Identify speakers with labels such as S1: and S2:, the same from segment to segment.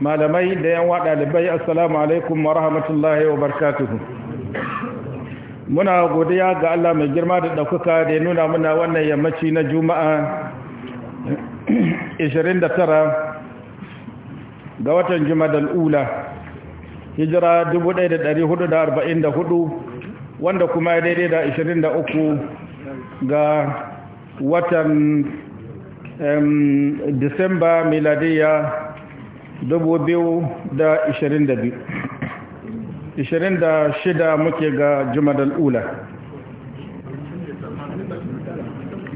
S1: malamai da yan waɗa ɗalibai assalamu alaikum wa rahmatullahi wa barakatuhu muna godiya ga Allah mai girma da daukaka da ya nuna muna wannan yammaci na juma'a 29 ga watan jumadal ula hijira 1444 wanda kuma ya daidai da 23 ga watan um, disamba miladiya da shida muke ga jumadal ula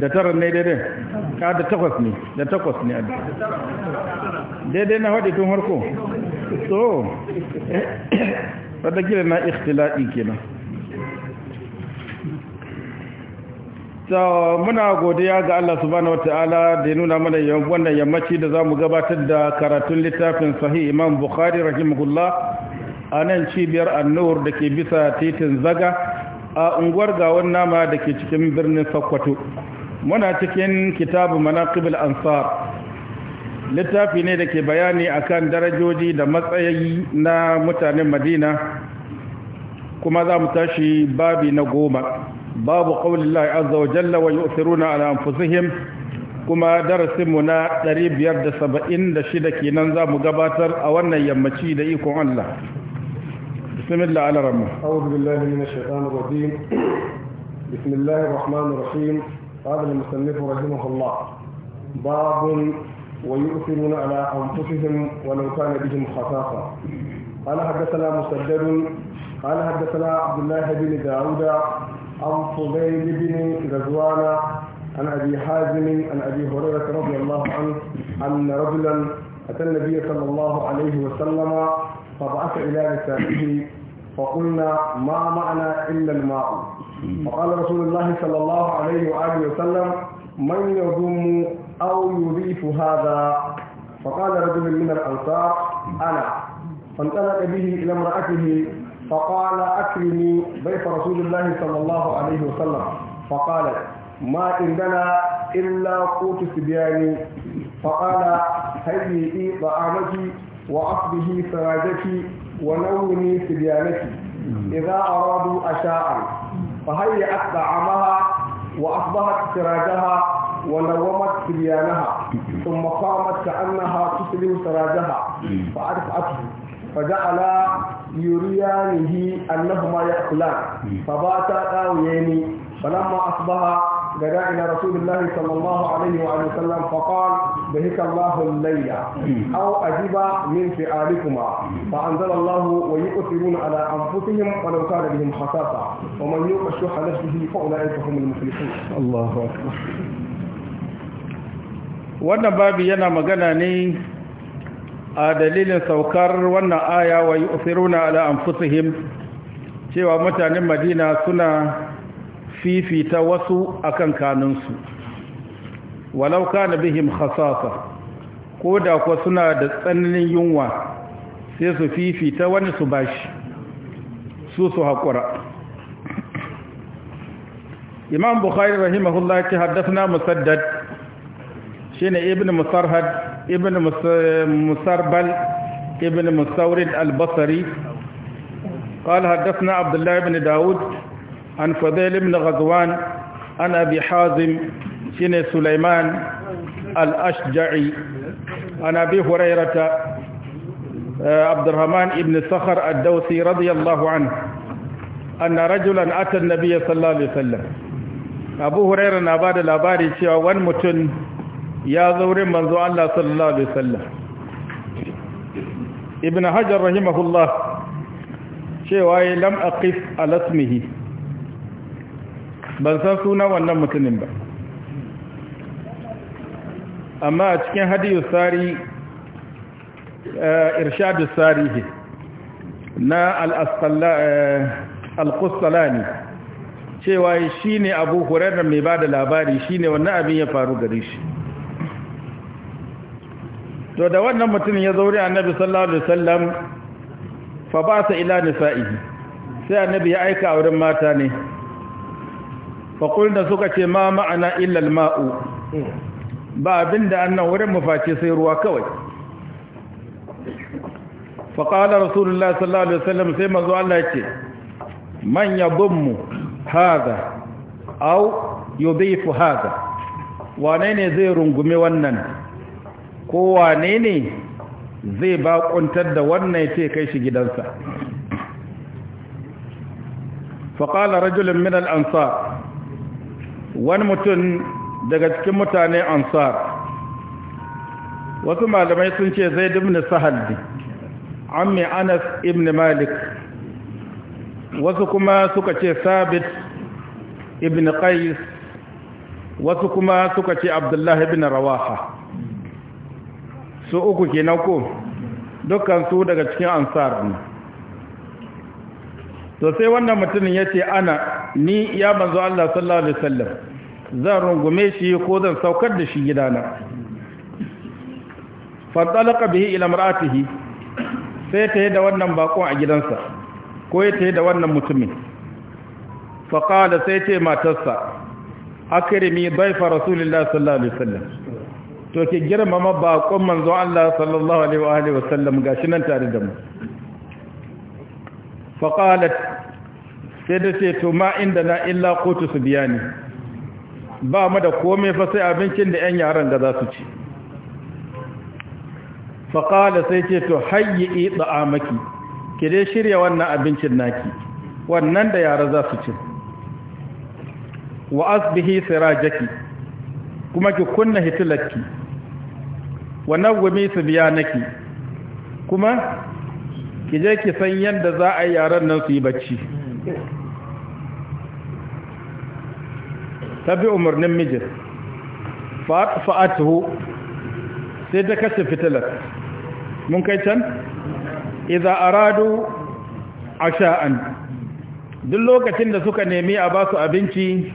S1: da tara ne daidai ka da takwas ne da takwas ne daidai na haɗe tun harko so wadda gina na ikhtila'i kenan so muna godiya ga Allah subhanahu ta'ala da ya nuna mana wannan yammaci da za mu gabatar da karatun littafin sahih Imam Bukhari rahimahullah a nan cibiyar annur da ke bisa titin Zaga a unguwar Gawon Nama da ke cikin birnin Sokoto muna cikin kitabu mana Manaqibul Ansar littafi ne da ke bayani a kan darajoji da matsayi na mutanen Madina kuma za mu tashi babi na goma babu qaulillahi azza wa jalla wa yu'thiruna ala anfusihim kuma darasinmu na 576 kenan za mu gabatar a wannan yammaci da ikon Allah bismillah ala ramma a'udhu billahi minash shaitanir rajim bismillahir rahmanir rahim qala al-musannif rahimahullah
S2: babun ويؤثرون على أنفسهم ولو كان بهم خصاصة قال حدثنا مسدد قال حدثنا عبد الله بن داود عن صبيب بن غزوان عن أبي حازم عن أبي هريرة رضي الله عنه أن رجلا أتى النبي صلى الله عليه وسلم فبعث إلى نسائه فقلنا ما معنا إلا الماء فقال رسول الله صلى الله عليه وآله وسلم من يضم أو يضيف هذا فقال رجل من الأنصار أنا فانطلق به إلى امرأته فقال أكرمي ضيف رسول الله صلى الله عليه وسلم فقالت ما عندنا إلا قوت سبياني فقال هيئي طعامك وأصبه سراجك ونومي سبيانك إذا أرادوا أشاء فهيئت طعامها وأصبحت سراجها ونومت سبيانها ثم قامت كأنها تسلم سراجها فأرفعته فجعل يريانه أنهما يأكلان فباتا قاويين فلما أصبح غدا إلى رسول الله صلى الله عليه وآله وسلم فقال بهك الله الليلة أو أجب من فعالكما فأنزل الله ويؤثرون على أنفسهم ولو كان بهم خصاصة ومن يوق الشح نفسه فأولئك هم المفلحون الله أكبر
S1: وانا بابي yana magana ne a dalilin saukar wannan aya wa yusiruna ala anfusihim cewa mutanen Madina suna fifita wasu akan kanunsu walau kana bihim hasasa, ko da kuwa suna da tsananin yunwa sai su fifita wani su bashi su su haƙura imam bukhari rahimahullah ce haddasa musaddad shi ne ibn musarhad ابن musarbal ابن مستورد البصري قال حدثنا عبد الله بن داود عن فضيل بن غزوان عن أبي حازم شن سليمان الأشجعي عن أبي هريرة آه، عبد الرحمن بن صخر الدوسي رضي الله عنه أن رجلا أتى النبي صلى الله عليه وسلم أبو هريرة نباد الأباري شوى متن ya zaure manzo Allah sallallahu alaihi wasallam ibn hajar rahimahullah cewa ya lam aqif ismihi ban san sunan wannan mutumin ba amma a cikin hadiyu sari eh, irshadu sarihi na eh, al-qustalani cewa shi ne abu hurairar mai ba da labari shi ne wannan abin ya faru gare shi to da wannan mutumin ya zaure annabi sallallahu alaihi wasallam fa ba sa ila nisa'ihi sai annabi ya aika wurin mata ne fa kulna suka ce ma ma'ana illa al-ma'u ba abinda annan wurin mu face sai ruwa kawai fa qala rasulullah sallallahu alaihi wasallam sai manzo Allah yake man yadhummu hadha aw yudhifu hadha wane ne zai rungume wannan kowane ne zai bakuntar da wannan ya ce kai shi gidansa Faƙalar rajulun minal al'ansar wani mutum daga cikin mutane ansar wasu malamai sun ce zai dimni sahal ammi anas ibn malik wasu kuma suka ce sabit ibn qais wasu kuma suka ce abdullahi ibn rawaha su uku kenan ko dukkan su daga cikin ansar ne to sai wannan mutumin ya ce ana ni ya manzo Allah sallallahu alaihi wasallam zan rungume shi ko zan saukar da shi gidana fadalaka bihi ila mar'atihi sai ta yi da wannan bakon a gidansa ko ya ta yi da wannan mutumin da sai ce matarsa akirimi baifa rasulullah sallallahu alaihi wasallam to ke girmama bakon manzo Allah sallallahu alaihi wa alihi wasallam gashi nan tare da mu fa qalat sai da ce to ma inda na illa qutu subyani ba mu da komai fa sai abincin da ƴan yaran da za su ci fa qala sai ce to hayyi da'amaki ki dai shirya wannan abincin naki wannan da yara za su ci wa asbihi sirajaki kuma ki kunna hitilarki wannan gumi su biya naki kuma ki je ki san yadda za a yi yaren nan su yi bacci ta bi umarnin mijin fa'atuhu sai ta kashe fitilar mun kai can iza aradu asha'an duk lokacin da suka nemi a ba su abinci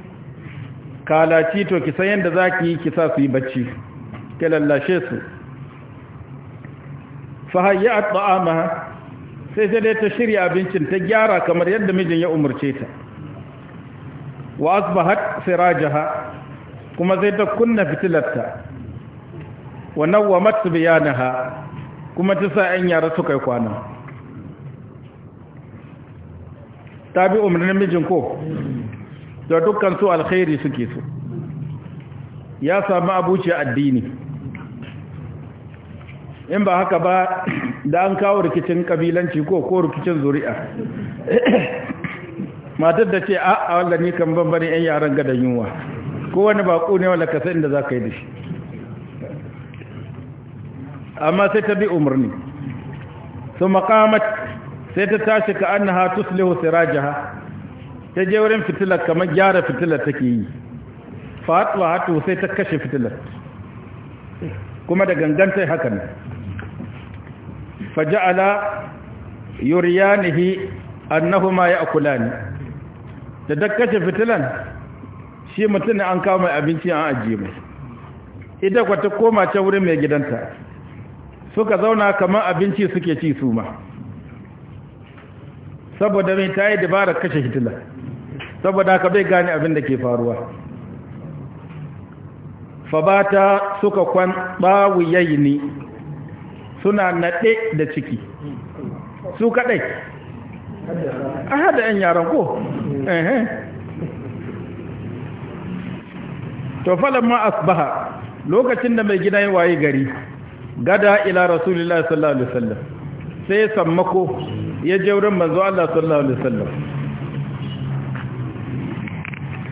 S1: kalaci to ki san yadda za ki yi kisa su yi bacci ke lallashe su fahayyat ta'ama sai sai dai ta shirya abincin ta gyara kamar yadda mijin ya umarce ta wa asbahat sirajaha kuma sai ta kunna fitilarta wa nawwamat biyanaha kuma ta sa an yara suka kwana ta bi umarnin mijin ko da dukkan su alkhairi suke so ya samu abuci addini in ba haka ba da an kawo rikicin kabilanci ko ko rikicin zuri'a matar da ce a a wanda ni kan bambari yan yaran gadon yunwa ko wani bako ne wanda kasa inda za ka yi da shi amma sai ta bi umarni su makamat sai ta tashi ka an ha tuslihu sirajaha ta je wurin fitilar kamar gyara fitilar take yi fatuwa hatu sai ta kashe fitilar kuma da sai haka ne faja'ala yuriyanihi annahuma ya'kulani da dakkace fitilan shi mutum an kawo mai abinci an ajiye mai ita kwata koma ta wurin mai gidanta suka zauna kamar abinci suke ci su ma saboda mai ta yi dabarar kashe saboda ka bai gane abin da ke faruwa fabata suka kwan ɓawuyayi suna naɗe da ciki su kaɗai a haɗa 'yan yaran ko to falamma asbaha lokacin da mai gida ya waye gari gada ila rasulullahi sallallahu alaihi wasallam sai sammako ya je wurin manzo Allah sallallahu alaihi wasallam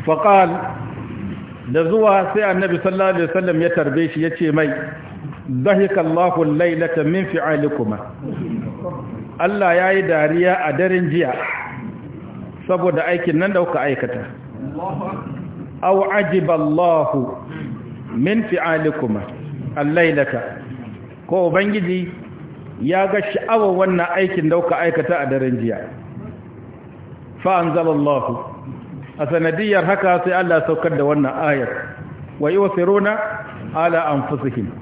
S1: faqal da zuwa sai annabi sallallahu alaihi wasallam ya tarbe shi yace mai dhahika Allahu Lailata min fi'alikuma Allah yayi dariya a daren jiya saboda aikin nan da kuka aikata aw ajiba Allahu min fi'alikuma al Lailata. ko ubangiji ya ga sha'awar wannan aikin da kuka aikata a daren jiya fa anzalallahu a sanadiyar haka sai Allah saukar da wannan ayar wa yuwsiruna ala anfusihim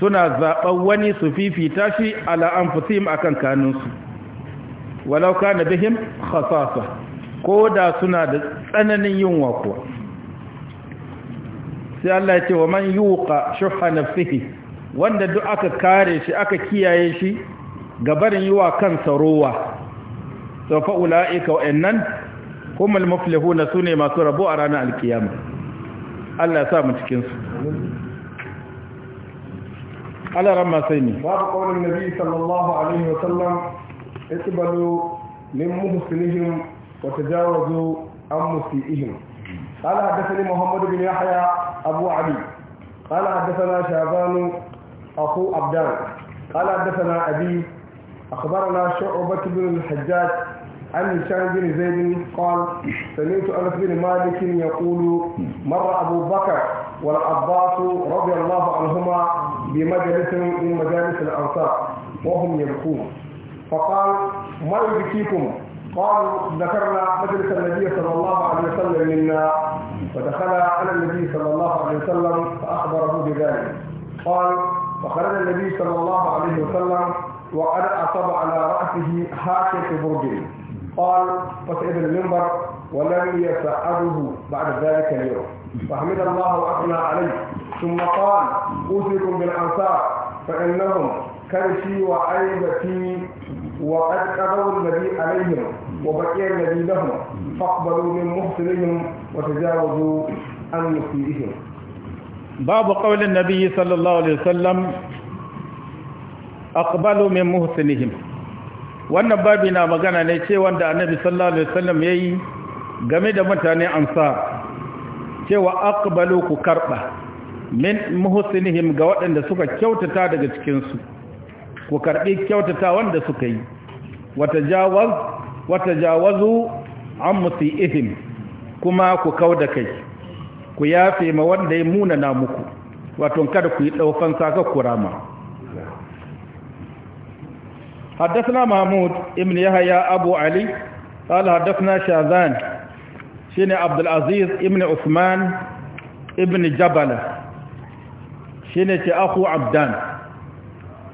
S1: suna zaɓar wani su fifita shi ala a akan kanunsu walauka na bihim khasasa ko da suna da tsananin yin kuwa sai Allah ya ce wa man yuqa shuhha nafsihi wanda duk aka kare shi aka kiyaye shi gabarin yiwa kansa rowa to fa ulaika wa'annan humul muflihuna sune masu rabo a ranar alkiyama Allah ya sa mu cikinsu. على رمى سيني باب
S2: قول النبي صلى الله عليه وسلم اقبلوا من مسلمهم وتجاوزوا عن مسيئهم قال حدثني محمد بن يحيى أبو علي قال حدثنا شعبان أخو عبدان قال حدثنا أبي أخبرنا شعبة بن الحجاج عن هشام بن زيد قال سمعت انس بن مالك يقول مر ابو بكر والعباس رضي الله عنهما بمجلس من مجالس الانصار وهم يبكون فقال ما يبكيكم قال ذكرنا مجلس النبي صلى الله عليه وسلم منا فدخل على النبي صلى الله عليه وسلم فاخبره بذلك قال فخرج النبي صلى الله عليه وسلم وقد اصاب على راسه هاكه برج قال فصعد المنبر ولم يسعده بعد ذلك اليوم فحمد الله واثنى عليه ثم قال اوصيكم بالانصار فانهم كرشي وعيبتي وقد قضوا الذي عليهم وبقي الذي لهم
S1: فاقبلوا من محسنهم وتجاوزوا عن مسيئهم باب قول النبي صلى الله عليه وسلم أقبلوا من محسنهم wannan babi na magana ne ce wanda annabi sallallahu alaihi wasallam yayi game da mutane ansar cewa aqbalu ku karba min muhsinihim ga waɗanda suka kyautata daga cikin su ku karbi kyautata wanda suka yi watajawaz watajawazu an ihim kuma ku kauda kai ku yafe ma wanda ya muna na muku wato kada ku yi daukan saka kurama حدثنا محمود ابن يحيى أبو علي قال حدثنا شاذان شين عبد العزيز ابن عثمان ابن جبل شين أخو عبدان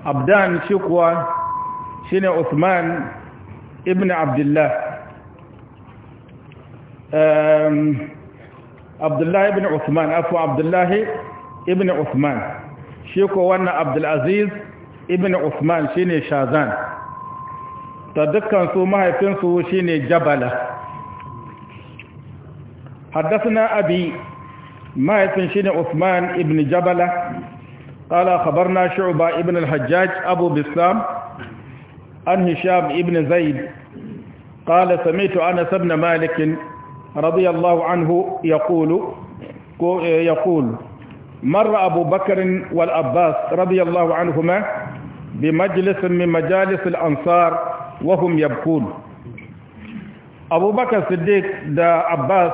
S1: عبدان شكوى شين عثمان ابن عبد الله عبد الله ابن عثمان أخو عبد الله ابن عثمان شكوى وانا عبد العزيز ابن عثمان شين شاذان ta su mahaifinsu shi ne jabala haddasa abi mahaifin shi ne usman ibn jabala ƙala kabarna na ibn hajjaj abu bislam an hisham ibn zaid ƙala samitu ana sabna malikin radiyallahu anhu ya kulu ko eh, marra abu bakarin wal'abbas radiyallahu anhu ma bi majalisun mi ansar wahum yabkun abubakar siddiq da abbas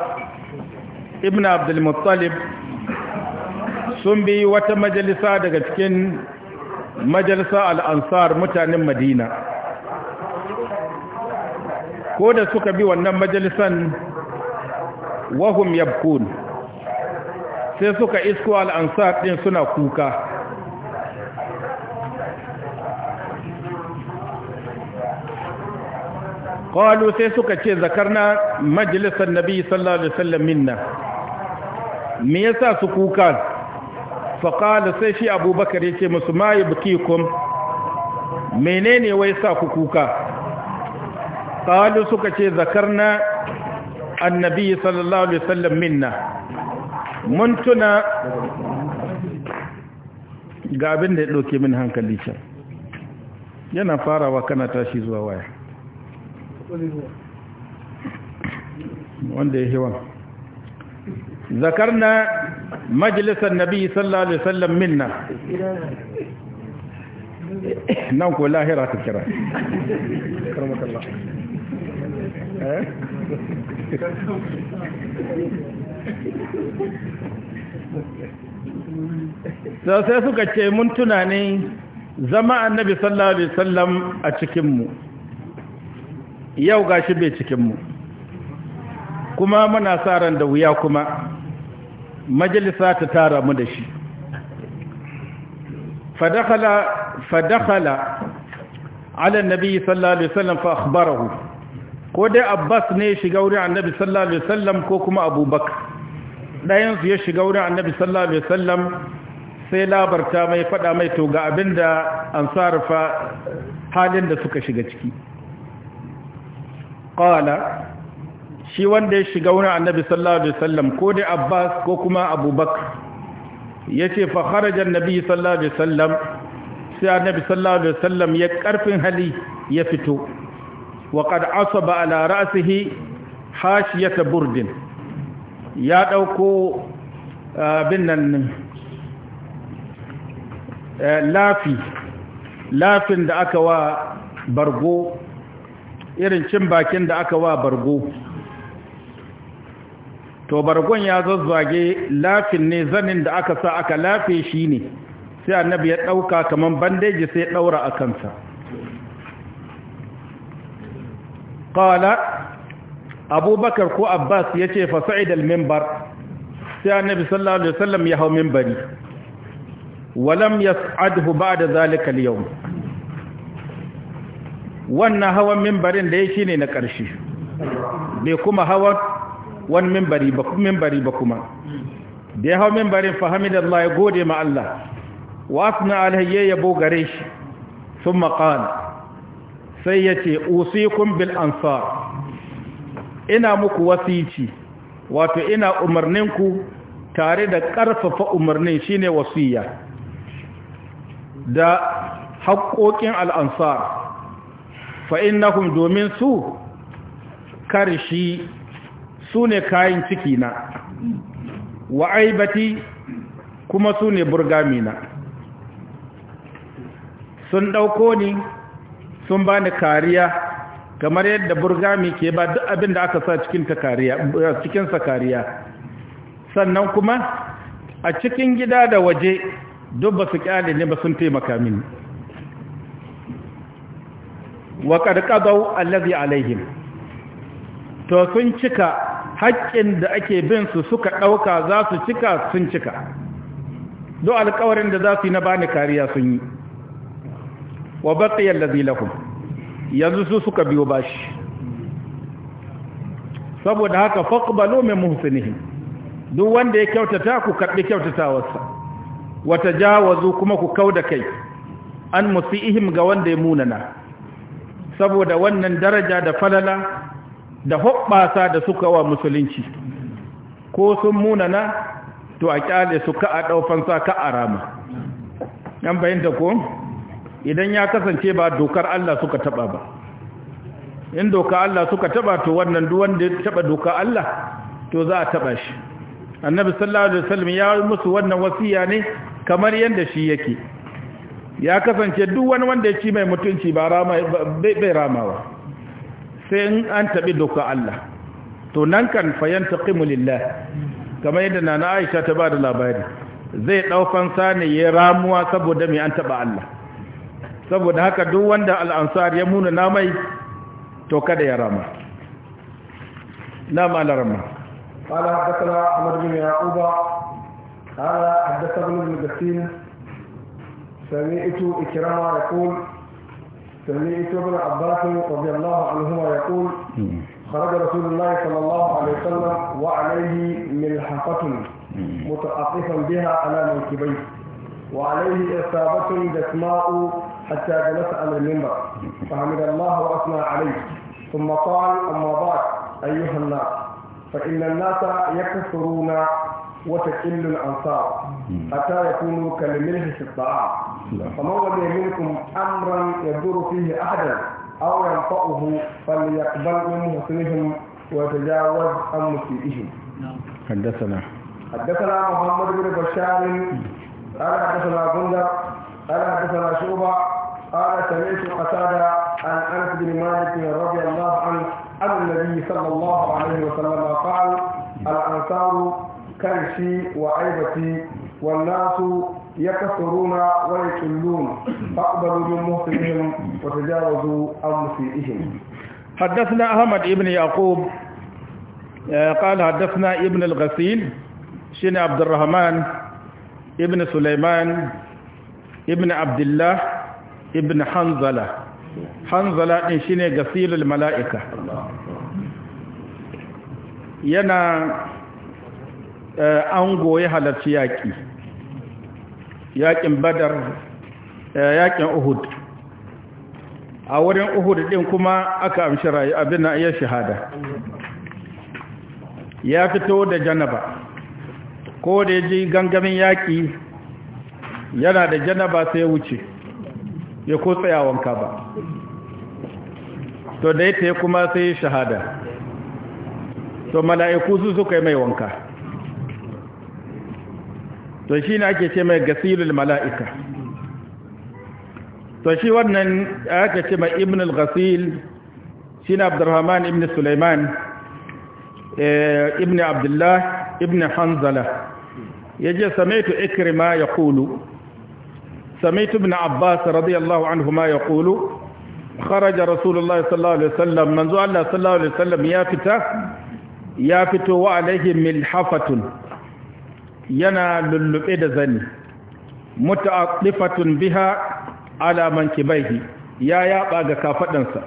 S1: ibn abdulmuttalib sun bi wata majalisa daga cikin majalisa al'ansar mutanen madina ko da suka bi wannan majalisan wahum yabkun sai suka isko al'ansar ɗin suna kuka qalu sai suka ce zakarna majalisar nabi sallallahu alaihi wasallam minna me yasa su kuka fa qala sai shi abubakar yace musu ma yabkikum menene wai sa ku kuka qalu suka ce zakarna annabi sallallahu alaihi wasallam minna mun tuna ga abin da ya ɗauke min hankali can yana farawa kana tashi zuwa waya wanda ya hewan zakarna majalisar nabi sallallahu alaihi wasallam minna nan ko lahira ta kira
S3: eh? sai suka ce mun
S1: tunani zama annabi sallallahu alaihi wasallam a cikinmu yau gashi bai cikinmu kuma muna sa ran da wuya kuma majalisa ta tara mu da shi fa fadakhala ala nabi sallallahu alaihi wasallam fa akhbarahu ko dai abbas ne shiga wurin annabi sallallahu alaihi wasallam ko kuma abubakar dayan su ya shiga wurin annabi sallallahu alaihi wasallam sai labarta mai fada mai to ga abinda ansarfa halin da suka shiga ciki qala shi wanda ya shiga wurin annabi sallallahu alaihi wasallam ko dai abbas ko kuma abubakar yace fa kharaja annabi sallallahu alaihi wasallam sai annabi sallallahu alaihi wasallam ya karfin hali ya fito wa qad asaba ala ra'sihi hashiyata burdin ya dauko abin eh, nan eh, lafi lafin da aka wa bargo irin cin bakin da aka wa bargo to bargon ya zazzage lafin ne zanin da aka sa aka lafe shi ne sai annabi ya ɗauka kamar bandeji sai ya ɗaura a kansa ƙala abubakar ko abbas ya ce fasaidal al-mimbar sai annabi sallallahu alaihi wasallam ya hau mimbari walam yas'adhu ba'da zalika al yau. wannan hawan mimbarin da ya shi ne na ƙarshe bai kuma hawan wani mimbari ba kuma mimbari ba kuma da ya hau mimbarin fahimidallah ya gode ma Allah wa na alhaye yabo gare shi sun maƙala sai ya ce usikun bil ansar ina muku wasici wato ina umarninku tare da ƙarfafa umarnin shine wasiya da haƙoƙin al'ansar fa'innahum domin su karshi su ne kayan ciki na wa aibati kuma su ne burgamina sun ɗauko ni sun ba ni kariya kamar yadda burgami ke ba duk abin da aka sa cikinsa kariya sannan kuma a cikin gida da waje duk ba su ne ba sun taimaka mini wa ƙarƙadau allazi alaihim to sun cika haƙƙin da ake bin su suka ɗauka za su cika sun cika do alƙawarin da za su yi na bani kariya sun yi wa baqiya allazi lahum yanzu su suka biyo bashi saboda haka faqbalu min muhsinihim duk wanda ya kyautata ku karɓi kyautatawarsa wata jawazu kuma ku kauda kai an ihim ga wanda ya munana saboda wannan daraja da falala da hoɓɓasa da suka wa musulunci ko sun munana to a kyale su ka a sa ka a rama yan bayanta ko idan ya kasance ba dokar Allah suka taɓa ba in doka Allah suka taɓa to wannan duwanda ya taɓa doka Allah to za a taɓa shi annabi sallallahu alaihi wasallam ya musu wannan wasiya ne kamar yadda shi yake ya kasance duk wani wanda ya ci mai mutunci ba bai ramawa sai in an taɓi doka Allah to nan kan yantaqimu lillah kamar yadda na aisha ta bada labari zai ɗaufan sani ya ramuwa saboda mai an taɓa Allah saboda haka duk wanda al-ansar ya muna namai to kada ya rama na malarama
S2: قال حدثنا عمر بن يعقوب قال حدثنا ابن المدسين سمعت إكرام يقول سمعت ابن عباس رضي الله عنهما يقول خرج رسول الله صلى الله عليه وسلم وعليه ملحقة متعطفا بها على منكبيه وعليه إصابة جسماء حتى جلس على المنبر فحمد الله وأثنى عليه ثم قال أما بعد أيها الناس فإن الناس يكثرون وتقل الأنصار حتى يكونوا كالملح في الطعام فمن وجد منكم أمرا يدور فيه أحدا أو ينفعه فليقبل من مسلمهم ويتجاوز عن مسيئهم نعم. حدثنا حدثنا محمد بن بشار قال حدثنا بندر قال حدثنا شعبة قال سمعت قتادة عن أنس بن مالك رضي الله عنه عن النبي صلى الله عليه وسلم قال الأنصار kan shi wa aibati wallasu يكثرون ويقلون فاقبلوا من محسنهم وتجاوزوا
S1: عن مسيئهم حدثنا أحمد ابن يعقوب قال حدثنا ابن الغسيل شين عبد الرحمن ابن سليمان ابن عبد الله ابن حنظلة حنظلة شين غسيل الملائكة ينا Eh, an goyi halarci yaƙi yaƙin badar eh, yaƙin uhud a wurin uhud ɗin kuma aka amshi rayu abin na iya shahada ya fito da janaba ko da ya ji gangamin yaƙi yana da janaba sai ya wuce ya ko tsayawanka ba to da ya kuma sai shahada to mala'iku su suka yi mai wanka to shi ne ake ce mai gasirul mala'ika to shi wannan aka ce mai ibn al-ghasil shi ne abdurrahman ibn sulaiman eh, ibn abdullah ibn hanzala ya je samaitu ikrima ya kulu samaitu ibn abbas radiyallahu anhu ma ya kulu kharaja rasulullah sallallahu alaihi wasallam manzo Allah sallallahu alaihi wasallam ya fita ya fito wa alaihi milhafatun yana lullube da zani muta'addifatun biha ala kibaihi ya yaba ga kafadansa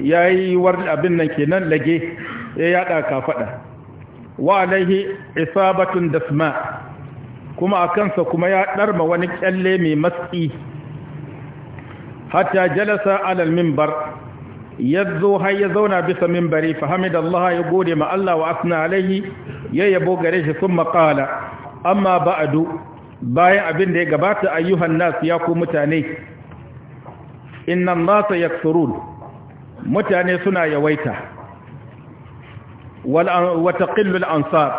S1: yayi war abin nan kenan lage ya yaɗa kafada wa alaihi isabatun dasma kuma a kansa kuma ya ɗarma wani kyalle mai matsi hatta jalasa alal mimbar yazo har ya zauna bisa mimbari fa hamidallah ya gode ma Allah wa asna alaihi ya yabo gare shi thumma qala amma ba'du bayan abin da ya gabata ayyuhan nas ya ku mutane inna nasa yaksurun mutane suna yawaita wa taqillu al-ansar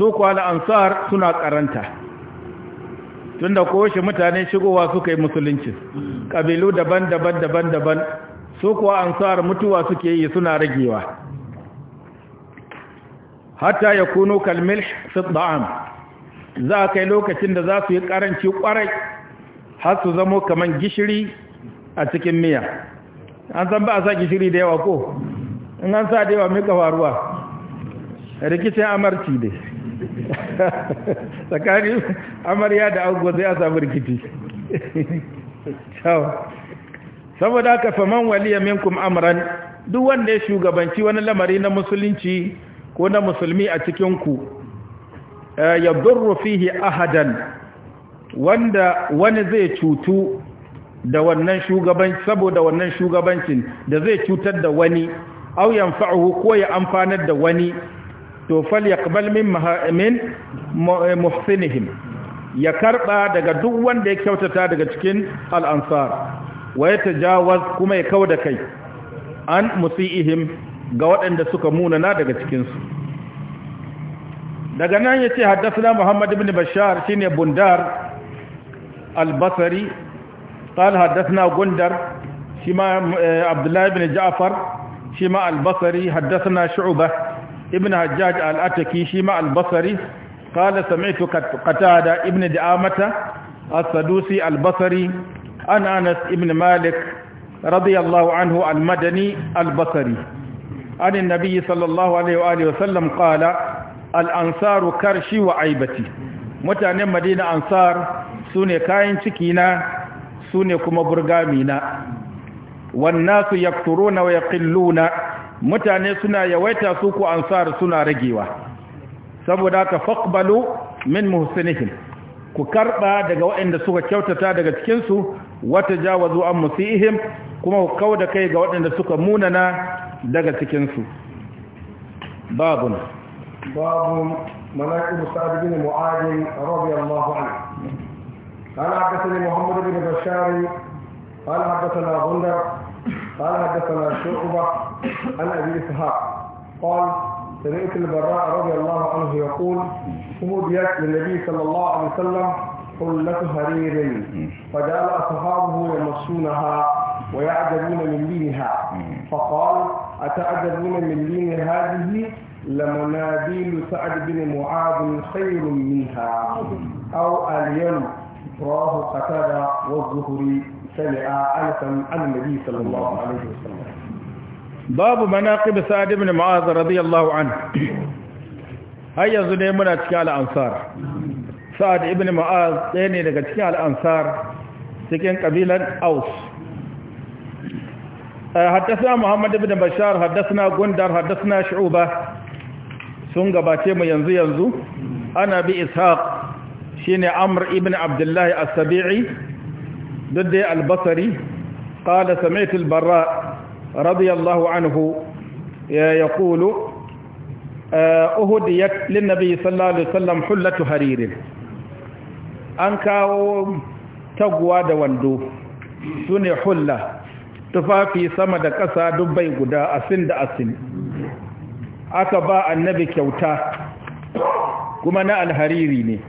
S1: su kuwa al-ansar suna karanta tunda ko mutane shigowa suka yi musulunci kabilu daban-daban daban-daban su kuwa ansar mutuwa suke yi suna ragewa hatta ya kuno kalmil fitba'am za a kai lokacin da za su yi karanci kwarai har su zamo kaman gishiri a cikin miya an san ba a sa gishiri da yawa ko in an sa da yawa mai faruwa rikicin amarci ne tsakanin amarya da agwa zai a samu rikici ciao saboda haka faman waliya minkum amran duk wanda ya shugabanci wani lamari na musulunci ko na musulmi a cikinku ku eh, durru fihi ahadan wanda wani zai cutu da wannan shugabanci saboda wannan shugabancin da zai cutar da wani aw yanfa'uhu ko ya amfanar da wani to fal yaqbal min min muhsinihim ya karba daga duk wanda ya kyautata daga cikin al-ansar waye ta jawaz kuma ya kawo da kai an musiihim ga waɗanda suka munana daga cikinsu daga nan ya ce haddasa muhammad ibn bashar shi ne bundar albasari ƙal haddasa na gundar shi ma eh, abdullahi ibn ja'afar shi ma albasari haddasa na shu'uba ibn hajjaj al'ataki shi ma albasari ƙala sami'atu ƙata da ibn da'amata al-sadusi al عن Ibn Malik مالك رضي الله an المدني البصري عن النبي صلى الله عليه وآله وسلم قال الأنصار كرشي وعيبتي mutanen madina ansar su ne kayan cikina su ne kuma burgamina wannan su yakturuna wa yaqilluna mutane suna yawaita su ku ansar suna ragewa saboda ka faqbalu min muhsinihim ku karba daga waɗanda suka kyautata daga cikin su wata jawazu an musihim kuma kawo da kai ga waɗanda suka munana daga cikinsu babun
S2: babun malaƙi musa'ad bin mu'adin rabiyallahu an ƙana haddasa muhammad bin bashari ƙana haddasa na gundar ƙana haddasa na shuɓuɓa an abin isha ƙwal sani'ikul barra rabiyallahu an hiyakun kuma biyar da nabi sallallahu alaihi sallam حلة حرير فجعل أصحابه يمسونها ويعجبون من لينها فقال أتعجبون من لين هذه لمناديل سعد بن معاذ خير منها أو اليوم رواه قتادة والزهري سمع أنس
S1: عن النبي صلى الله عليه وسلم باب مناقب سعد بن معاذ رضي الله عنه هيا زنيمنا تكال أنصار sa'ad ibn ma'az ɗaya ne daga cikin al'ansar cikin ƙabilan aus eh, haddasa muhammad ibn bashar haddasa gundar haddasa shu'uba sun gabace mu yanzu yanzu ana bi ishaq shine amr ibn abdullah as-sabi'i dudde al-basri qala sami'tu al-barra radiyallahu anhu yaqulu eh, uhudiyat lin-nabi sallallahu alaihi wasallam hullatu haririn an kawo taguwa da wando su ne hula, tufafi sama da ƙasa dubbai guda asin da asin aka ba annabi kyauta kuma na alhariri ne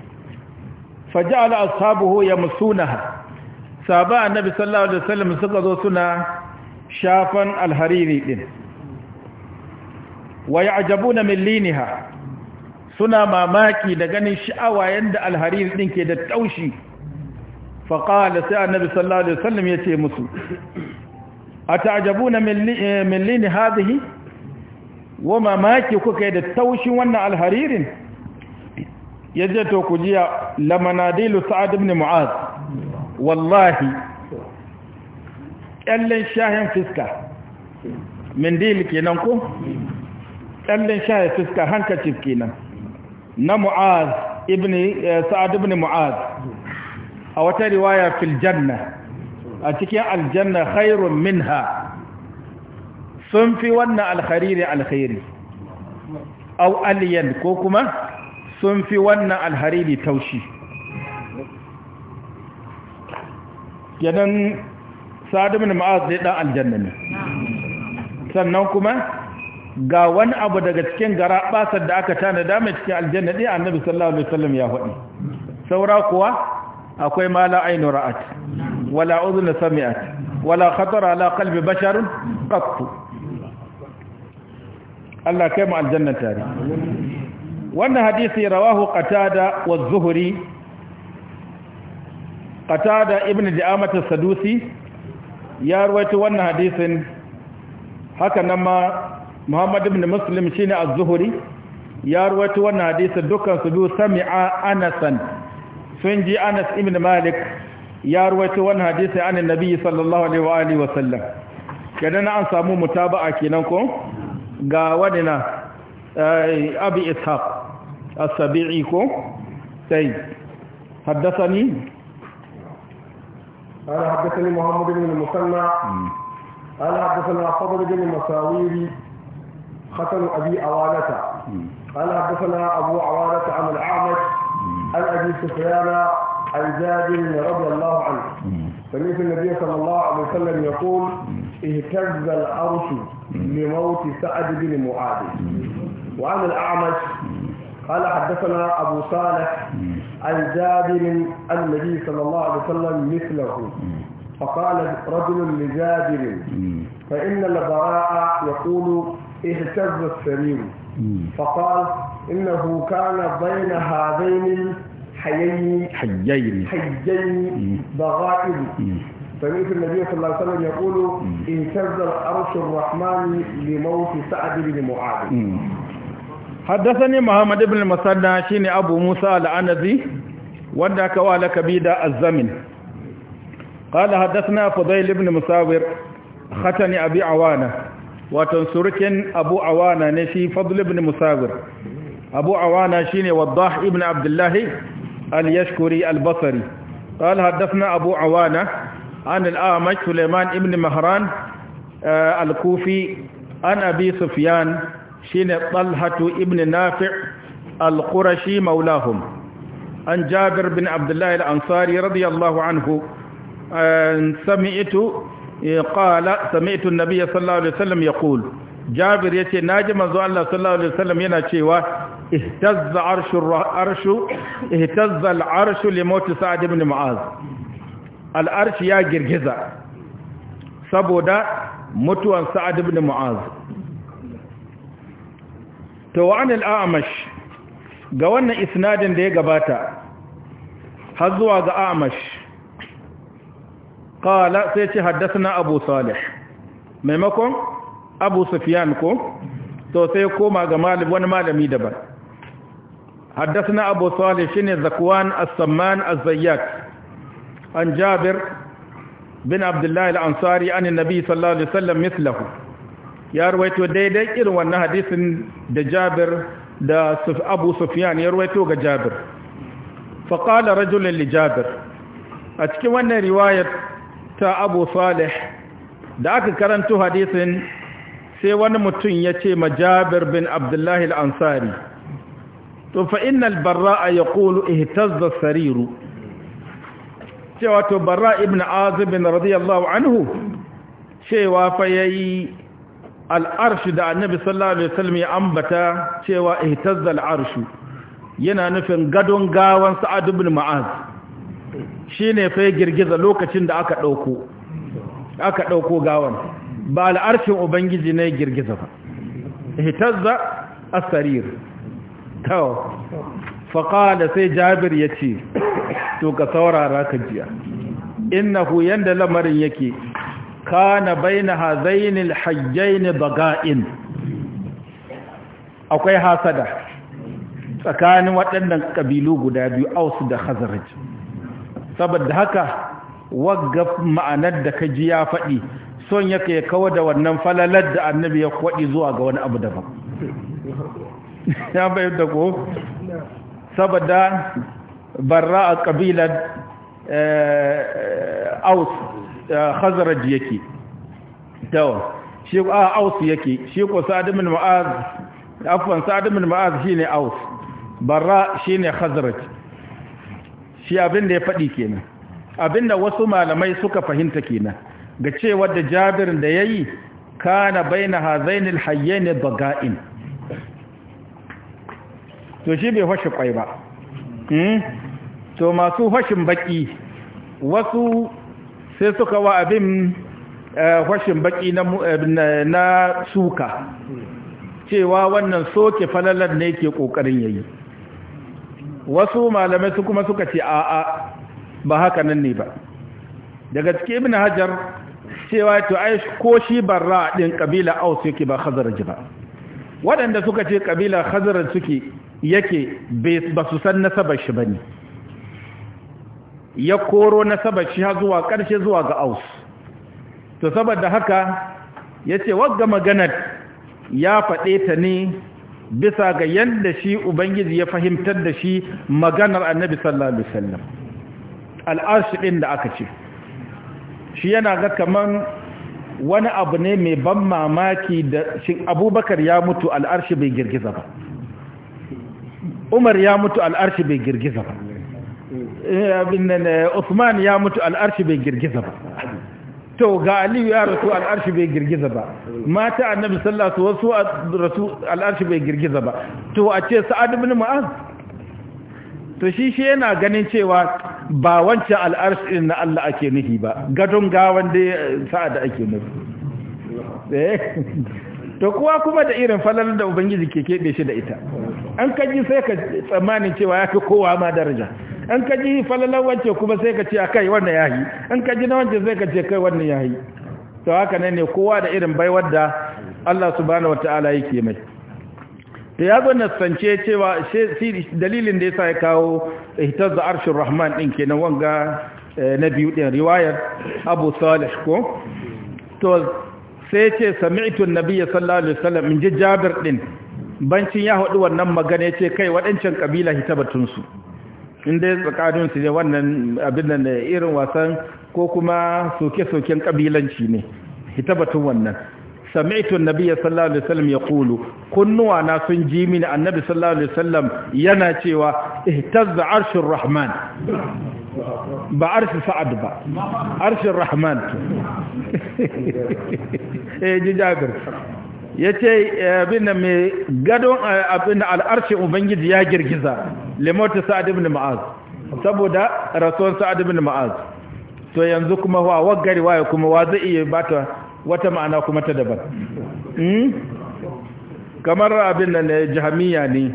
S1: faja'ala ya musuna sahaba annabi sallallahu alaihi wasallam suka zo suna shafan alhariri din wa ajabu min liniha suna mamaki da ganin sha'awa yadda alharir ɗin ke da taushi faƙala sai annabi sallallahu alaihi wasallam ya ce musu a ta'ajabu na millini eh, hazihi wa mamaki kuka yi da taushin wannan alharirin ya je to ku jiya lamanadilu sa'ad ibn mu'az wallahi ƙyallen shahin fiska mindil kenan ku? ƙyallen shahin fiska hankacin kenan na mu'az ibn eh, sa'ad ibn mu'az a wata riwaya fil janna a cikin aljanna khairun minha sun fi wannan alkhariri alkhairi au aliyan ko kuma sun fi wannan alhariri taushi yanan sa'ad ibn mu'az dai dan aljanna ne sannan kuma ga wani abu daga cikin gara basar da aka tanada mai cikin aljanna ɗin annabi sallallahu alaihi wasallam ya faɗi saura kuwa akwai mala la ainu ra'at wala udhun sami'at wala khatara ala qalbi bashar qat Allah kai mu aljanna tare wannan hadisi rawahu qatada wa zuhri qatada ibn da'amat as-sadusi ya ruwaito wannan hadisin haka nan ma muhammad ibn muslim shine az-zuhri ya ruwaito wannan hadisi dukkan su biyu sami'a anasan sun ji anas ibn malik ya ruwaito wannan hadisi an annabi sallallahu alaihi wa alihi wa sallam kenan an samu mutaba'a kenan ko ga wadina eh, abi ishaq as-sabi'i ko sai haddathani قال حدثني محمد بن المثنى
S2: قال حدثنا فضل بن المساويري خطر أبي عوانة قال حدثنا أبو عوانة عن الأعمش عن أبي سفيان عن جابر رضي الله عنه سمعت النبي صلى الله عليه وسلم يقول اهتز العرش لموت سعد بن معاذ وعن الأعمش قال حدثنا أبو صالح عن جابر النبي صلى الله عليه وسلم مثله فقال رجل لجابر فإن البراء يقول اهتز السرير فقال إنه كان بين هذين الحيين حيين حيين ضغائب سمعت النبي صلى الله عليه وسلم يقول اهتز العرش الرحمن لموت سعد بن معاذ
S1: حدثني محمد بن المسدى شيني أبو موسى الانذي ودك وعلى كبيدة الزمن قال حدثنا فضيل بن مساور ختن أبي عوانة waton surukin abu awana ne shi fadl ibn musabir abu awana shine waddah ibn abdullahi al-yashkuri al-basri qala hadathna abu awana an al sulaiman ibn mahran uh, al-kufi an abi sufyan shine talhatu ibn nafi' al-qurashi mawlahum an jabir bin abdullah al-ansari radiyallahu anhu an sami'tu Eh, qala sami'tu an-nabiy sallallahu alaihi wasallam yaqul jabir ya ce na naji manzo Allah sallallahu alaihi wasallam yana cewa ihtazza arshu arshu ihtazza al-arshu li maut sa'd ibn mu'az al-arsh ya girgiza saboda mutuwan sa'd ibn mu'az to wa anil a'mash ga wannan isnadin da ya gabata har zuwa ga amash qala sai ce haddasna abu salih maimakon abu sufyan ko to sai koma ga malib wani malami daban haddathana abu salih shine zakwan as-samman az-zayyat an jabir bin Abdullahi al-ansari an annabi sallallahu alaihi wasallam mislaku. ya ruwaito daidai irin wannan hadisin da jabir da abu sufyan ya ruwaito ga jabir faqala rajulun li jabir a cikin wannan riwayar ta abu salih da aka karanto hadisin sai wani mutum ya ce majabir bin abdullahi al'ansari to fa'innal barra'a ya ƙulu ihtazza sariru cewa to barra ibn azibin radiyallahu anhu cewa fa ya yi al'arshi da annabi sallallahu alaihi ya ambata cewa ihtazza al'arshi yana nufin gadon gawan sa'ad ibn ma'az Shi ne fai girgiza lokacin da aka ɗauko, aka ɗauko gawan ba al'arshin ubangiji ne girgiza ba hitazza a sarir to faƙada sai jabir ce, to ka saurara ka jiya innahu yanda lamarin yake ka kana baina hazaini al-hajjain baga'in akwai hasada tsakanin waɗannan ƙabilu guda biyu aus da hazarajin saboda haka wagga ma'anar da ka ji ya faɗi son ya kai kawo da wannan falalar da annabi ya kwaɗi zuwa ga wani abu daban ya bai da ko saboda barra a ƙabilar eh, aus eh, khazaraj yake tawa shi a aus yake shi ko sa'adimin ma'az afon sa'adimin ma'az ne aus barra shi ne khazaraj shi abin da ya faɗi kenan abin da wasu malamai suka fahimta kenan ga cewa da jabir da ya yi kana bai na hazainil hayyani baga'in to shi bai fashe kwai ba hmm? to masu fashin baki wasu sai suka wa abin eh, fashin baki eh, na suka cewa wannan soke falalar ne ke ƙoƙarin yayi wasu malamai su kuma suka ce a'a ba haka nan ne ba daga cikin ibn hajar cewa to ai ko shi barra din kabila aus yake ba khazraj ba waɗanda suka ce kabila khazraj suke yake ba su san nasabar shi bane ya koro nasabar shi zuwa ƙarshe zuwa ga aus to saboda haka yace wagga maganar ya faɗe ta ne bisa ga yadda shi ubangiji ya fahimtar da shi maganar annabi sallallahu alaihi wasallam al'arshi din da aka ce shi yana ga kaman wani abu ne mai ban mamaki da shi abubakar ya mutu al'arshi bai girgiza ba umar ya mutu al'arshi bai girgiza ba eh, eh, Usman ya mutu al'arshi bai girgiza ba to ga aliyu ya rasu al'arshi bai girgiza ba mata annabi sallatu wasu rasu al'arshi bai girgiza ba to a ce sa'ad ibn mu'az to shi shi yana ganin cewa ba wancan al'arshi na Allah ake nufi ba gadon gawan da eh, sa'ad ake nufi eh? to kuwa kuma da irin falalar da ubangiji ke keɓe shi da ita an kaji sai ka tsammanin cewa ya fi kowa ma daraja an kaji falalar wacce kuma sai ka ce a kai wannan ya yi an kaji na wacce sai ka ce kai wannan ya yi to haka ne ne kowa da irin baiwar da Allah subhanahu wata'ala yake mai to ya zo sance cewa dalilin da yasa ya kawo hitar da arshin rahman din kenan wanga eh, na biyu din riwayar abu salih ko to sai ce sami'tu annabiyya sallallahu alaihi wasallam in Jabir din bancin ya hudu wannan magana yace kai wadancan kabila hitabatun su inda tsakanin su ne wannan abin nan irin wasan ko kuma soke-soken kabilanci ne hitabatun wannan sami'tu annabiyya sallallahu alaihi wasallam yaqulu kunnuwa na sun ji mini annabi sallallahu alaihi wasallam yana cewa ihtazza arshur rahman ba arshi sa'ad ba arshin rahman eh ji jabir ya ce eh, abin da mai gadon eh, abin da al'arshin ubangiji ya girgiza limota sa'ad ibn ma'az saboda rasuwan sa'ad ibn ma'az to yanzu kuma wa wagari waye kuma wa zai iya bata wata ma'ana kuma ta daban hmm? kamar abin da eh, jihamiya ne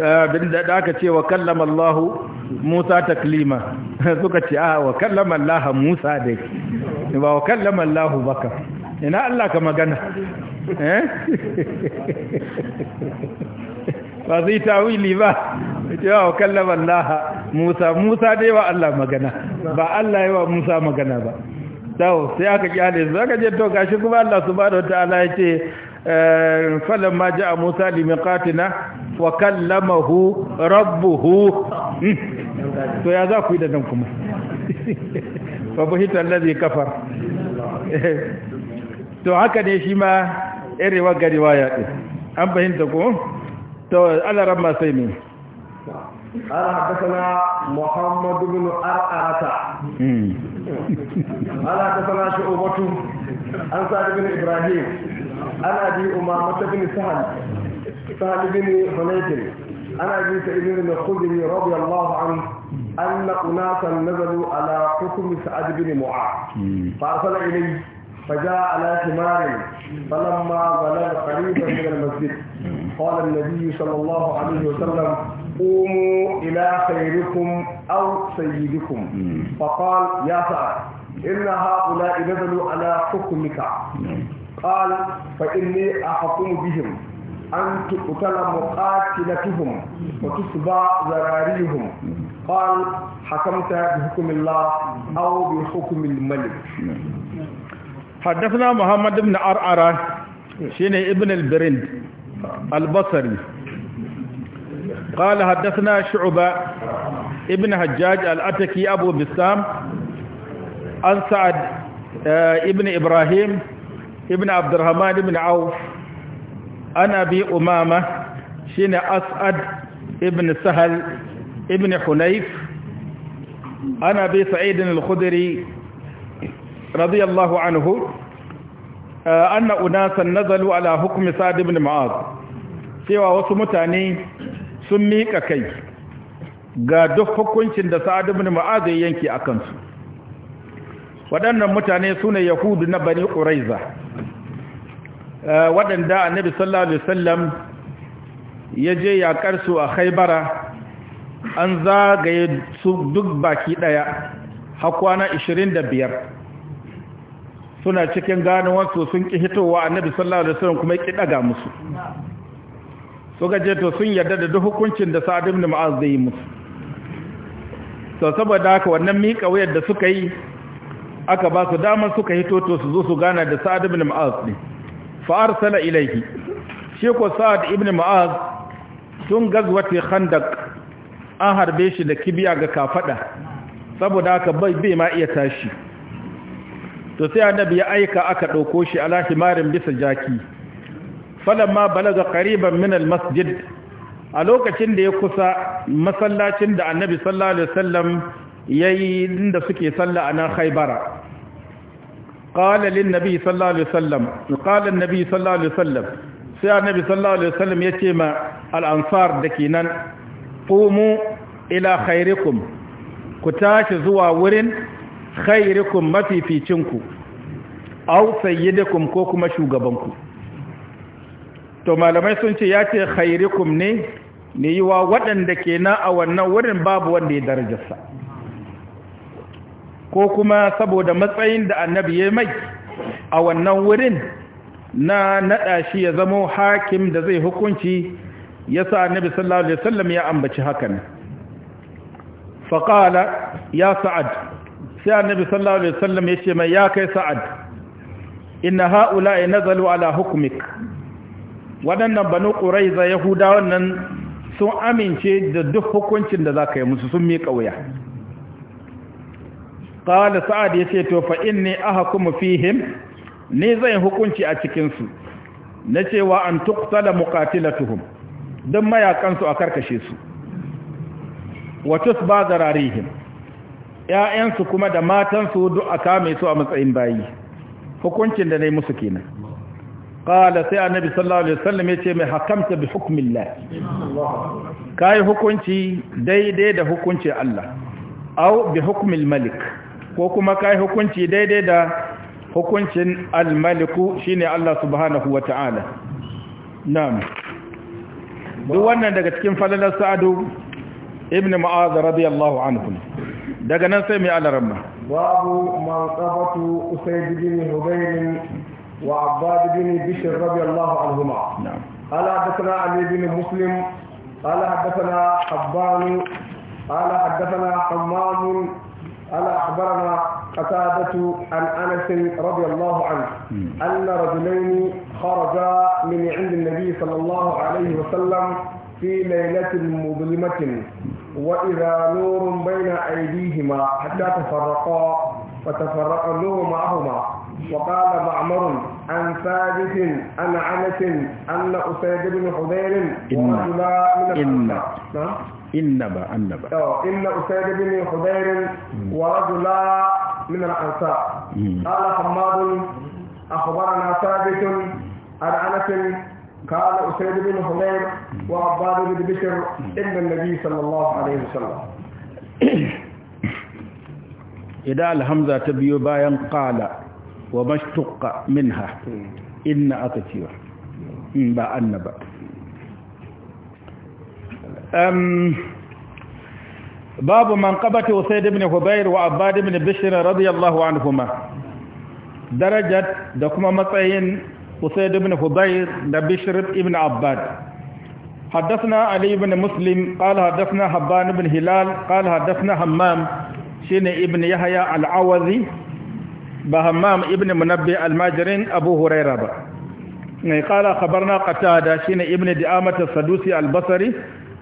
S1: abin da aka ce wa kallama Allahu Musa taklima suka ce a ah, wa kallama Allah Musa dai ba wa kallama Allah baka ina Allah ka magana eh ba zai tawili ba cewa ah, wa kallama Allah Musa Musa dai wa Allah magana ba Allah yawa Musa magana ba dawo sai aka kyale zaka je to gashi kuma Allah subhanahu wataala yace eh, falamma ja'a Musa limiqatina wa kallamahu rabbuhu hmm. to ya za ku yi da nan kuma ba bu hitar na zai kafar to haka ne shi ma irewa gariwa ya ɗi an bahinta ko to alaran masu yi ne
S2: ala haddasana muhammadu bin ar'arata ala haddasana shi obatu an sa bin ibrahim ala bi umar mata bin sahal sahal bin hulaitin أنا أبي سعيد بن الخدري رضي الله عنه أن أناسا نزلوا على حكم سعد بن معاذ فأرسل إليه فجاء على حمار فلما بلغ قريبا من المسجد قال النبي صلى الله عليه وسلم قوموا إلى خيركم أو سيدكم فقال يا سعد إن هؤلاء نزلوا على حكمك قال فإني أحكم بهم أن تقتل مقاتلتهم وتسبى ذراريهم
S1: قال حكمت بحكم الله أو بحكم الملك حدثنا محمد بن عرعرة شين ابن البرند البصري قال حدثنا شعبة ابن حجاج الأتكي أبو بسام عن سعد ابن إبراهيم ابن عبد الرحمن بن عوف ana bi umama shine as'ad ibn sahal ibn hunayf ana bi sa'id al-khudri radiyallahu anhu uh, anna unasan nazalu ala hukmi sa'd ibn mu'az cewa wasu mutane sun mika kai ga duk hukuncin da sa'ad ibn mu'az ya yanke akan su waɗannan mutane suna yahudu na bani ƙuraiza. Eh, waɗanda annabi sallallahu alaihi wasallam ya je ya su a haibara an zagaye su duk baki ɗaya ishirin da 25 suna cikin wasu sun ƙi hitowa annabi sallallahu alaihi wasallam kuma ya ƙi ɗaga musu su je to sun yarda da duk hukuncin da sa'ad ibn mu'az zai yi musu to saboda haka wannan miƙa wayar da suka yi aka ba su damar suka hito to su zo su gana da sa'ad ibn mu'az ne Fa'ar arsala ilaihi, shi ko sa'ad ibn sun tun gazwati khandaq an harbe shi da kibiya ga kafada saboda haka bai bai ma iya tashi to sai annabi ya aika aka ɗauko shi ala himarin bisa jaki falamma balaga qariban min Masjid, a lokacin da ya kusa masallacin da annabi sallallahu alaihi wasallam yayi inda suke sallah a nan khaybara qala lin nabi sallallahu alaihi wasallam yace ma al'ansar da dake nan qumu ila khairikum ku tashi zuwa wurin khairikum mafificinku aw sayyidukum ko kuma shugabanku to malamai sun ce ya ce khairikum ne ne yi wa waɗanda ke na a wannan wurin babu wanda ya darajarsa ko kuma saboda matsayin da annabi ya mai a wannan wurin na nada shi ya zamo hakim da zai hukunci ya sa annabi sallallahu alaihi wasallam ya ambaci hakan faqala ya sa'ad sai annabi sallallahu alaihi wasallam ya ce mai ya kai sa'ad inna haula'i nazalu ala hukmik waɗannan banu quraiza yahudawan nan sun amince da duk hukuncin da zaka yi musu sun miƙa wuya qala sa'ad yace to fa inni ahkumu fihim ni zai hukunci a cikinsu na cewa an tuqtala muqatilatuhum dan don su a karkashe su wa tusba zararihim ƴaƴan su kuma da matansu duk a kame su a matsayin bayi hukuncin da na yi musu kenan qala sai annabi sallallahu alaihi wasallam yace mai hakamta bi hukmillah kai hukunci daidai da hukuncin Allah au bi hukmil malik ko kuma kai hukunci daidai da hukuncin almaliku shine Allah subhanahu wata'ala na'am duk wannan daga cikin falalar sa'adu ibn mu'adh radiyallahu anhu daga nan sai mai alarma
S2: babu manqabatu usayd bin hubayr wa abbad bin bishr radiyallahu anhuma na'am ala hadathana Ali bin muslim ala hadathana habban ala hadathana حمام قال أخبرنا قتادة عن أنس رضي الله عنه أن رجلين خرجا من عند النبي صلى الله عليه وسلم في ليلة مظلمة وإذا نور بين أيديهما حتى تفرقا فتفرق النور معهما وقال معمر عن ثابت عن عنس أن أسيد بن حذير ورجلا من الأنصار نعم؟
S1: إنما أنما
S2: إن أسيد بن حذير ورجلا من الأنصار قال حماد أخبرنا ثابت عن عنس قال أسيد بن حذير وعباد بن بشر ان النبي صلى الله عليه وسلم
S1: إذا الهمزة تبيو باين قال وما منها إن أتتيو با النبا أم باب من قبت وسيد بن حبير وعباد بن بشر رضي الله عنهما درجة دكما مطعين وسيد بن حبير نبشر ابن عباد حدثنا علي بن مسلم قال حدثنا حبان بن هلال قال حدثنا همام شين ابن يحيى العوذي ba hammam ibn munabbi almajirin abu huraira ba mai kala khabarna qatada shine ibn di'amat sadusi al-basri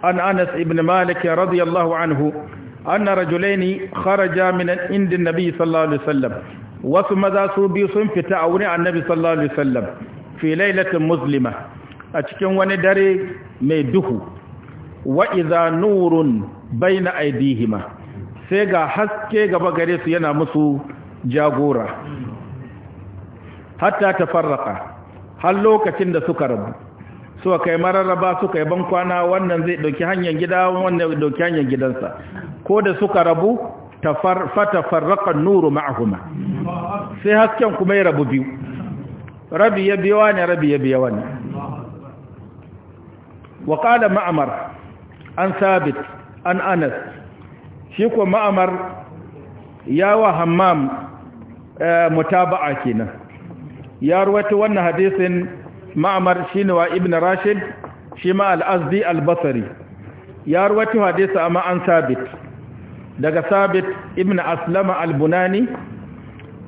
S1: an anas ibn malik radiyallahu anhu anna rajulaini kharaja min inda nabi sallallahu alaihi wasallam wasu maza su biyu sun fita a wurin annabi sallallahu alaihi wasallam fi lailatin muslima a cikin wani dare mai duhu wa idza nurun baina aidihima sai ga haske gaba gare su yana musu jagora hatta ta farraka har lokacin da suka rabu suka kai mararraba suka yi bankwana wannan zai ɗauki hanyar gida wannan ɗauki hanyar gidansa ko da suka rabu ta farrakan nuru ma'ahuma sai hasken kuma ya rabu biyu rabi ya biyo ne rabi ya biyo wani wa ƙada ma'amar an sabit an anas shi ko ma'amar yawa hammam Eh, mutaba'a kenan ya ruwaito wannan hadisin ma'amar shine wa ibn rashid shi ma al-azdi al-basri ya ruwaito hadisi amma an sabit daga sabit ibn aslama al-bunani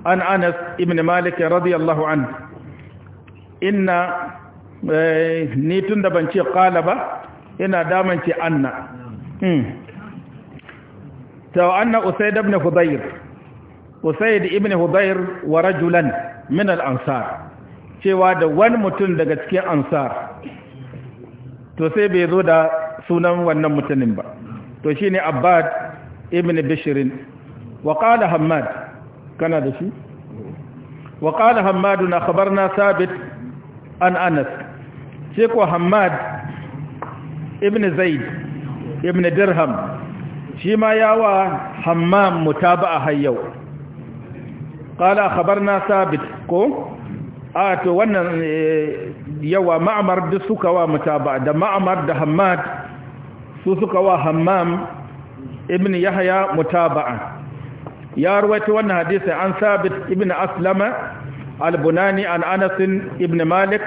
S1: an anas ibn malik radiyallahu anhu inna eh, ni tun da ban ce kala ba ina daman ce anna hmm. ta anna usaid ibn hudayr usaid ibn hudayr wa rajulan min al-ansar cewa da wani mutum daga cikin ansar to sai bai zo da sunan wannan mutumin ba to shine abbad ibn Bishrin. wa qala hammad kana da shi wa qala hammad na khabarna sabit an anas sai ko hammad ibn zaid ibn dirham shi ma yawa hammam mutaba'a hayyau qala akhbarna sabit ko a to wannan yawa ma'amar da suka wa mutaba da ma'amar da hammad su suka wa hammam ibn yahya mutaba'a ya ruwaito wannan hadisi an sabit ibn aslama al-bunani an anas ibn malik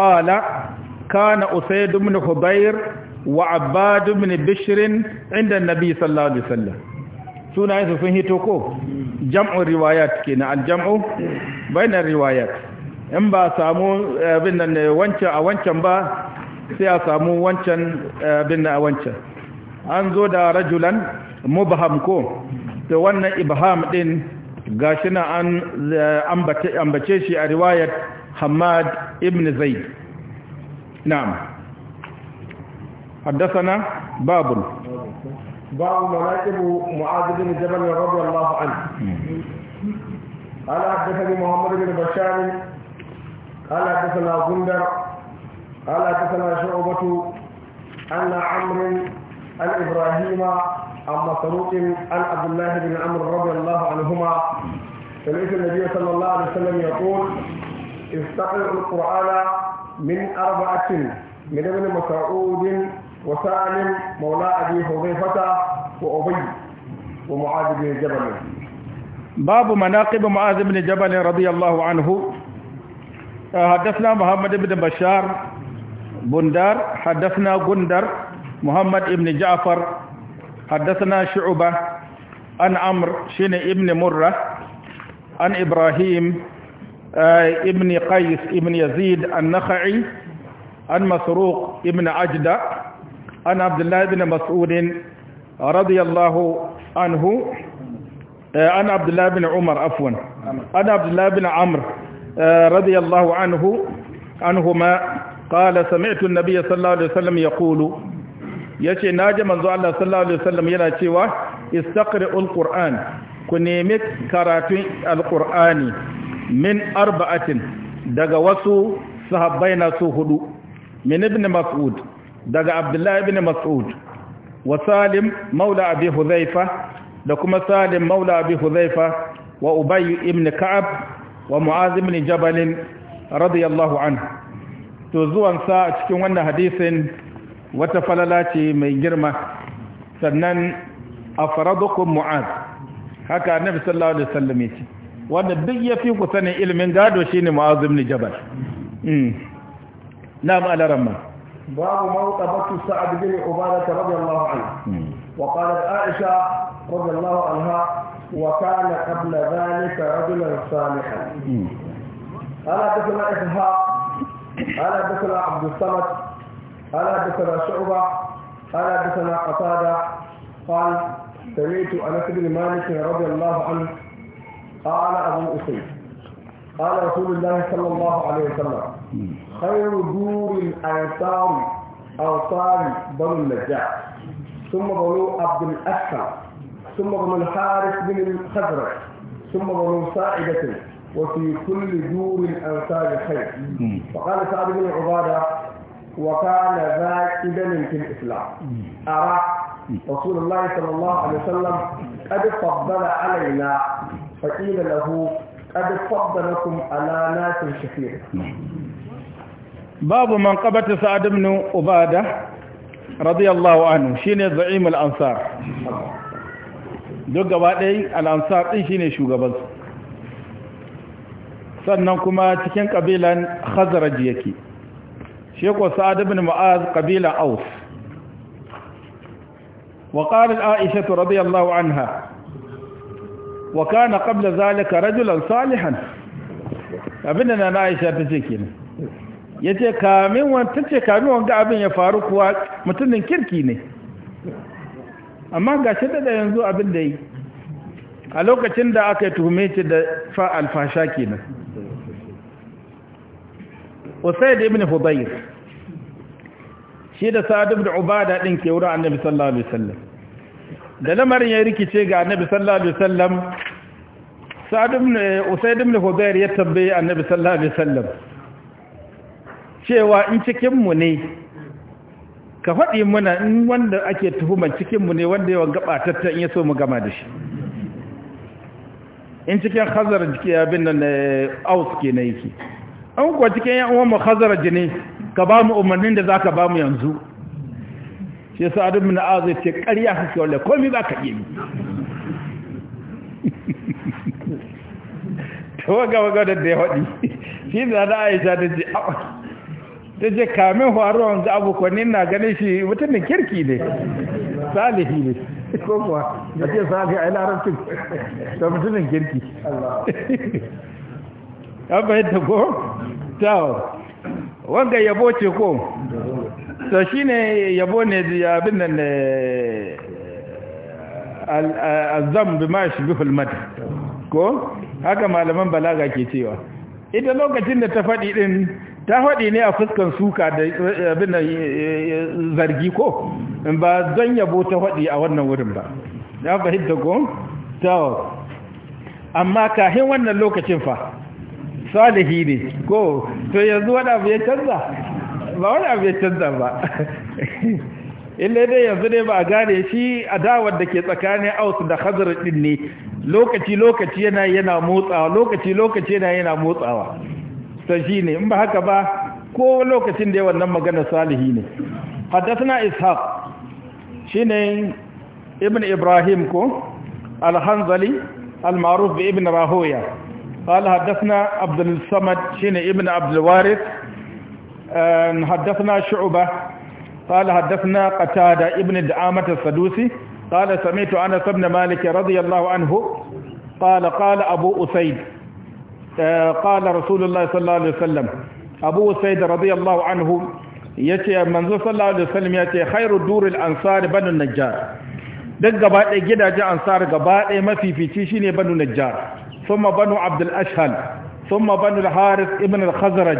S1: qala kana usayd ibn hubayr wa abbad ibn bishr inda an-nabi sallallahu alaihi wasallam Suna sun hito ko jam'un riwayat ke na aljam'u bainar riwayat in ba samu eh, abin nan eh, wancan a wancan ba sai a samu wancan eh, abin nan a wancan an zo da rajulan mubham ko to wannan ibham din gashi na an ambace shi a riwayat Hamad ibn Zaid na'am na باب
S2: باب مناقب معاذ بن جبل رضي الله عنه قال حدثني محمد بن بشار قال حدثنا غندر قال حدثنا شعبة أن عمرو عن إبراهيم عن مسروق عن عبد الله بن عمرو رضي الله عنهما سمعت النبي صلى الله عليه وسلم يقول استقرئ القرآن من أربعة من ابن مسعود وسالم مولى أبي حذيفة
S1: وأبي ومعاذ بن جبل باب مناقب معاذ بن جبل رضي الله عنه آه، حدثنا محمد بن بشار بندار حدثنا غندر محمد بن جعفر حدثنا شعبة عن عمرو شن ابن مرة عن إبراهيم آه، ابن قيس ابن يزيد النخعي عن مسروق ابن عجدة عن عبد الله بن مسعود رضي الله عنه عن عبد الله بن عمر عفوا عن عبد الله بن عمرو رضي الله عنه عنهما قال سمعت النبي صلى الله عليه وسلم يقول yace naji manzo Allah sallallahu alaihi wasallam yana cewa istaqri'ul qur'an ku nemi karatun alqur'ani min arba'atin daga wasu sahabbai na su hudu min ibn mas'ud daga abdullahi bin mas'ud wa salim maula abi huzaifa da kuma salim maula abi huzaifa wa ubay ibn ka'ab wa mu'az ibn jabal radiyallahu anhu to zuwan sa a cikin wannan hadisin wata falala ce mai girma sannan afradukum mu'az haka annabi sallallahu alaihi wasallam yace wanda duk yafi ku sanin ilimin gado shine mu'az ibn jabal hmm. na'am alaramma
S2: باب موت بك سعد بن عبادة رضي الله عنه وقالت عائشة رضي الله عنها وكان قبل ذلك رجلا صالحا ألا حدثنا إسحاق ألا حدثنا عبد الصمد ألا حدثنا شعبة ألا حدثنا قتادة قال سمعت أنس بن مالك رضي الله عنه قال أبو أسيد قال رسول الله صلى الله عليه وسلم خير دور الأنصار أنصار بنو النجاح ثم بنو عبد الأسلم ثم بنو الحارث بن الخزرج ثم بنو ساعدة وفي كل دور الأنصار خير فقال سعد بن عبادة وكان إذن في الإسلام أرى رسول الله صلى الله عليه وسلم قد فضل علينا فقيل له قد فضلكم على ناس كثير
S1: babu man qabata sa'ad ibn ubada radiyallahu anhu shine za'im al-ansar duk gaba al-ansar din shine shugaban sannan kuma cikin kabilan khazraj yake sheko sa'ad mu'az kabilan aus wa qalat aisha radiyallahu anha wa kana qabla zalika rajulan salihan na aisha tace ya ce kamin ta ce kamin wanga abin ya faru kuwa mutumin kirki ne amma ga shi da yanzu abin da yi a lokacin da aka tuhume ce da fa alfasha kenan usaid ibn hudayr shi da sa'ad da ubada din ke wurin annabi sallallahu alaihi wasallam da lamarin ya rikice ga annabi sallallahu alaihi wasallam sa'ad ibn usaid ibn hudayr ya tambaye annabi sallallahu alaihi wasallam cewa in cikinmu ne ka faɗi muna in wanda ake tuhuman cikinmu ne wanda yawan gaɓatatta in ya so mu gama da shi in cikin hazara jiki abin nan eh, aus ke na yake an kuwa cikin yan uwan mu hazara jini ka ba mu umarnin da za ka ba mu yanzu shi sa adin mina azu ce ƙarya kake wanda komi ba ka iya ta waga waga da ya faɗi shi da na aisha ta ce ta je kamin faruwa wanzu abokanin na ganin shi mutumin kirki ne salihi ne ko kuwa da ce salihi a larabcin da mutumin kirki an da ko? ta wanga yabo ce ko? ta shi ne yabo ne bin nan ne eh, eh, azam bi ma shi bi mata ko? haka malaman balaga ke cewa ita lokacin da ta faɗi ɗin ta faɗi ne a fuskan suka da eh, abin eh, eh, zargi ko ba don yabo ta faɗi a wannan wurin ba ya fahimta ko Ta. amma kahin wannan lokacin fa salihi ne ko to yanzu wani abu ya canza ba wani abu ya canza ba illa dai yanzu ne ba a gane shi adawar da ke tsakanin aus da khazar din ne lokaci lokaci yana yana motsawa lokaci lokaci yana yana motsawa shi ne in ba haka ba ko lokacin da ya wannan magana salihi ne haddathana ishaq shine ibn ibrahim ko al-hanzali al-ma'ruf bi ibn rahoya قال حدثنا عبد الصمد شين ابن عبد الوارث حدثنا شعبة قال حدثنا قتادة ابن دعامة السدوسي قال سمعت أنس بن مالك رضي الله عنه قال قال أبو أسيد قال رسول الله صلى الله عليه وسلم أبو سيد رضي الله عنه يتي منذ صلى الله عليه وسلم يتي خير دور الأنصار بنو النجار دق قبائل جدا جاء أنصار قبائل ما في في تشيني بنو النجار ثم بنو عبد الأشهل ثم بنو الحارث ابن الخزرج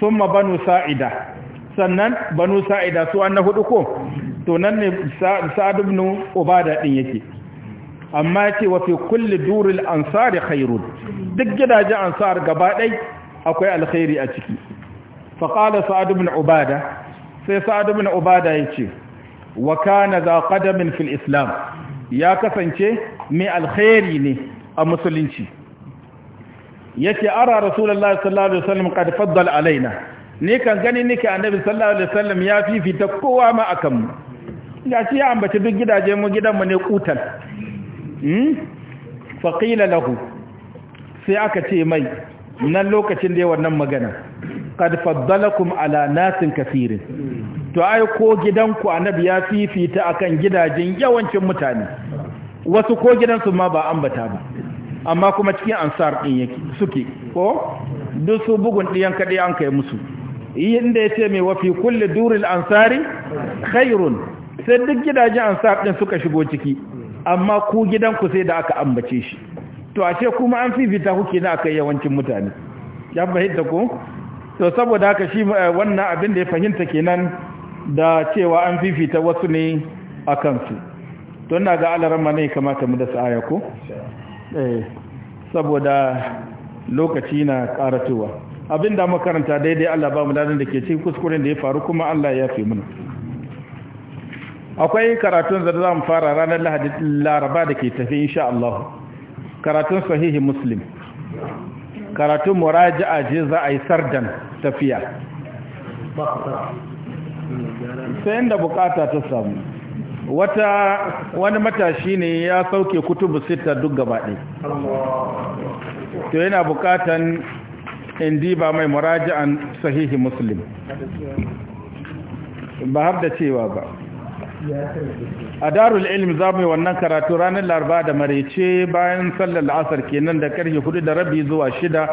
S1: ثم بنو ساعدة sannan banu sa'ida su annahu duko to nan ne sa'ad ibn ubada din yake amma ce wa fi kulli duril ansari khairun duk gidajen ansar gaba akwai alkhairi a ciki fa Sa'adu sa'ad ubada sai Sa'adu ibn ubada yace wa kana za qadamin fil islam ya kasance mai alkhairi ne a musulunci yace ara rasulullahi sallallahu alaihi wasallam qad faddala alaina ni kan gani nake annabi sallallahu alaihi wasallam ya fifita kowa ma akan mu ya ce ya ambaci duk gidaje mu gidan mu ne kutal Hmm? faƙila lahu sai aka ce mai nan lokacin da ya wannan magana ƙad faddalakum kafirin to ai ko gidanku annabi ya fifita akan gidajen yawancin mutane wasu ko gidansu ma ba ambata ba amma kuma cikin ansar ɗin suke ko duk su bugun ɗiyan kaɗai an kai musu inda ya ce mai wafi kulle duril ansari khairun sai duk gidajen ansar ɗin suka shigo ciki amma ku gidanku sai da aka ambace shi to ashe kuma an fifita kuke na akai yawancin mutane ya fahimta ko to saboda haka shi eh, wannan abin da ya fahimta kenan da cewa an fifita wasu ne a kansu to ina ga alarama ne kamata mu da sa'aya ko eh, saboda lokaci na karatuwa abin da makaranta daidai Allah ba mu da ke cikin kuskuren da ya faru kuma Allah ya fi mana akwai karatun da za mu fara ranar lahadi laraba da ke tafi insha Allah karatun sahihi muslim
S3: karatun muraja'a
S1: je za a yi sardan tafiya sai inda bukata ta samu wata wani matashi ne ya sauke kutubu sita duk gabaɗe to yana bukatan ba mai muraja'an sahihi muslim ba har da cewa ba a darul ilm za mu yi wannan karatu ranar laraba da maraice bayan sallar la'asar kenan da karfe hudu da rabi zuwa shida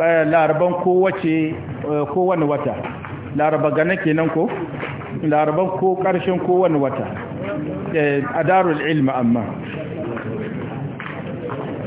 S1: eh, laraban kowace eh, kowane wata laraba gane kenan ko laraban ko karshen kowane wata eh, a darul ilm amma